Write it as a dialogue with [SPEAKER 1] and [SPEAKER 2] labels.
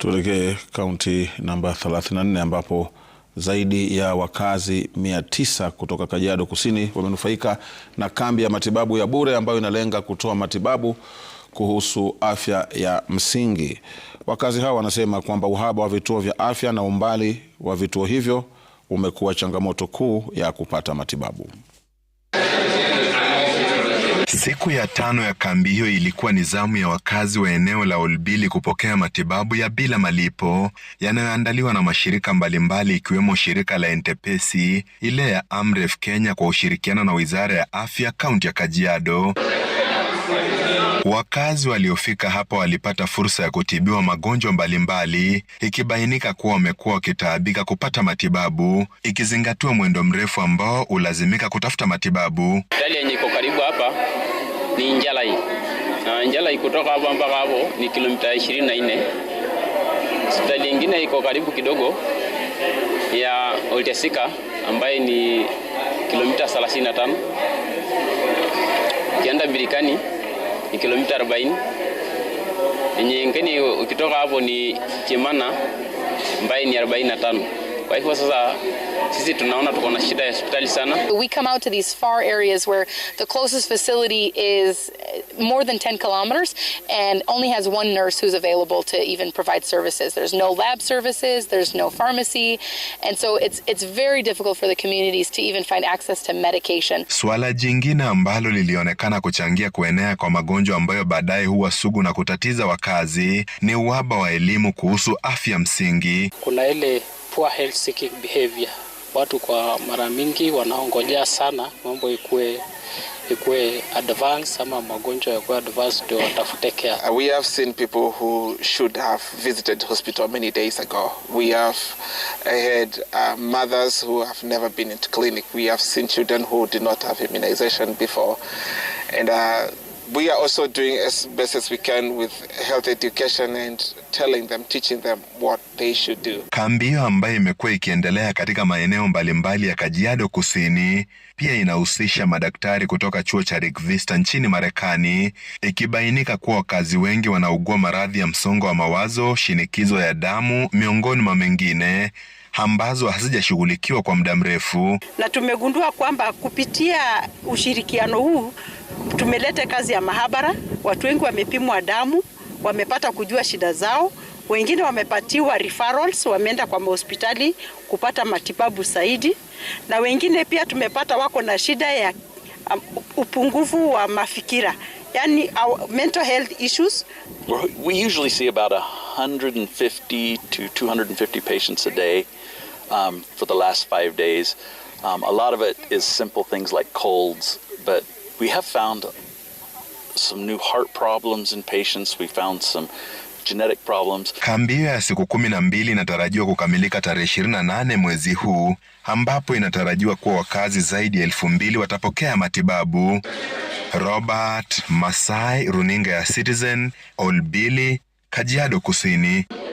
[SPEAKER 1] Tuelekee kaunti namba 34 ambapo zaidi ya wakazi 900 kutoka Kajiado Kusini wamenufaika na kambi ya matibabu ya bure ambayo inalenga kutoa matibabu kuhusu afya ya msingi. Wakazi hao wanasema kwamba uhaba wa vituo vya afya na umbali wa vituo hivyo umekuwa changamoto kuu ya kupata matibabu. Siku ya tano ya kambi hiyo ilikuwa ni zamu ya wakazi wa eneo la Olbili kupokea matibabu ya bila malipo yanayoandaliwa na mashirika mbalimbali ikiwemo shirika la Entepesi, ile ya Amref Kenya kwa ushirikiano na Wizara ya Afya kaunti ya Kajiado. Wakazi waliofika hapa walipata fursa ya kutibiwa magonjwa mbalimbali, ikibainika kuwa wamekuwa wakitaabika kupata matibabu, ikizingatiwa mwendo mrefu ambao ulazimika kutafuta matibabu.
[SPEAKER 2] Hospitali yenye iko karibu hapa ni Njalai. Na Njalai kutoka hapa mpaka hapo ni kilomita 24. Hospitali nyingine iko karibu kidogo ya Oltesika ambaye ni kilomita 35. Ukienda Birikani ni kilomita 40. nyingine ukitoka hapo ni Chemana ambaye ni 45. Kwa hivyo sasa sisi tunaona tuko na shida ya hospitali sana.
[SPEAKER 3] We come out to these far areas where the closest facility is eh, more than 10 kilometers and only has one nurse who's available to even provide services. There's no lab services, there's no pharmacy, and so it's it's very difficult for the communities to even find access to medication.
[SPEAKER 1] Swala jingine ambalo lilionekana kuchangia kuenea kwa magonjwa ambayo baadaye huwa sugu na kutatiza wakazi ni uhaba wa elimu kuhusu afya msingi.
[SPEAKER 4] Kuna ile poor health seeking behavior. Watu kwa mara mingi wanaongojea sana mambo ikuwe ikuwe advanced ama magonjwa yakuwe advanced ndio watafute care.
[SPEAKER 5] Uh, we have seen people who should have visited hospital many days ago. We have had uh, mothers who have never been into clinic. We have seen children who did not have immunization before and uh, we are also doing as best as we can with health education and telling them, teaching them what they should do.
[SPEAKER 1] Kambi hiyo ambayo imekuwa ikiendelea katika maeneo mbalimbali ya Kajiado Kusini pia inahusisha madaktari kutoka chuo cha Rick Vista nchini Marekani, ikibainika kuwa wakazi wengi wanaugua maradhi ya msongo wa mawazo, shinikizo ya damu, miongoni mwa mengine ambazo hazijashughulikiwa kwa muda mrefu,
[SPEAKER 6] na tumegundua kwamba kupitia ushirikiano huu Tumeleta kazi ya mahabara, watu wengi wamepimwa damu, wamepata kujua shida zao, wengine wamepatiwa referrals, wameenda kwa mahospitali kupata matibabu zaidi, na wengine pia tumepata wako na shida ya um, upungufu wa mafikira,
[SPEAKER 7] yani our mental health issues. We usually see about 150 to 250 patients a day um, for the last five days. Um, a lot of it is simple things like colds, but we have found some new heart problems in patients. We found some genetic problems.
[SPEAKER 1] Kambi ya siku kumi na mbili inatarajiwa kukamilika tarehe 28 mwezi huu, ambapo inatarajiwa kuwa wakazi zaidi ya elfu mbili watapokea matibabu. Robert Masai, runinga ya Citizen, Olbili, Kajiado Kusini.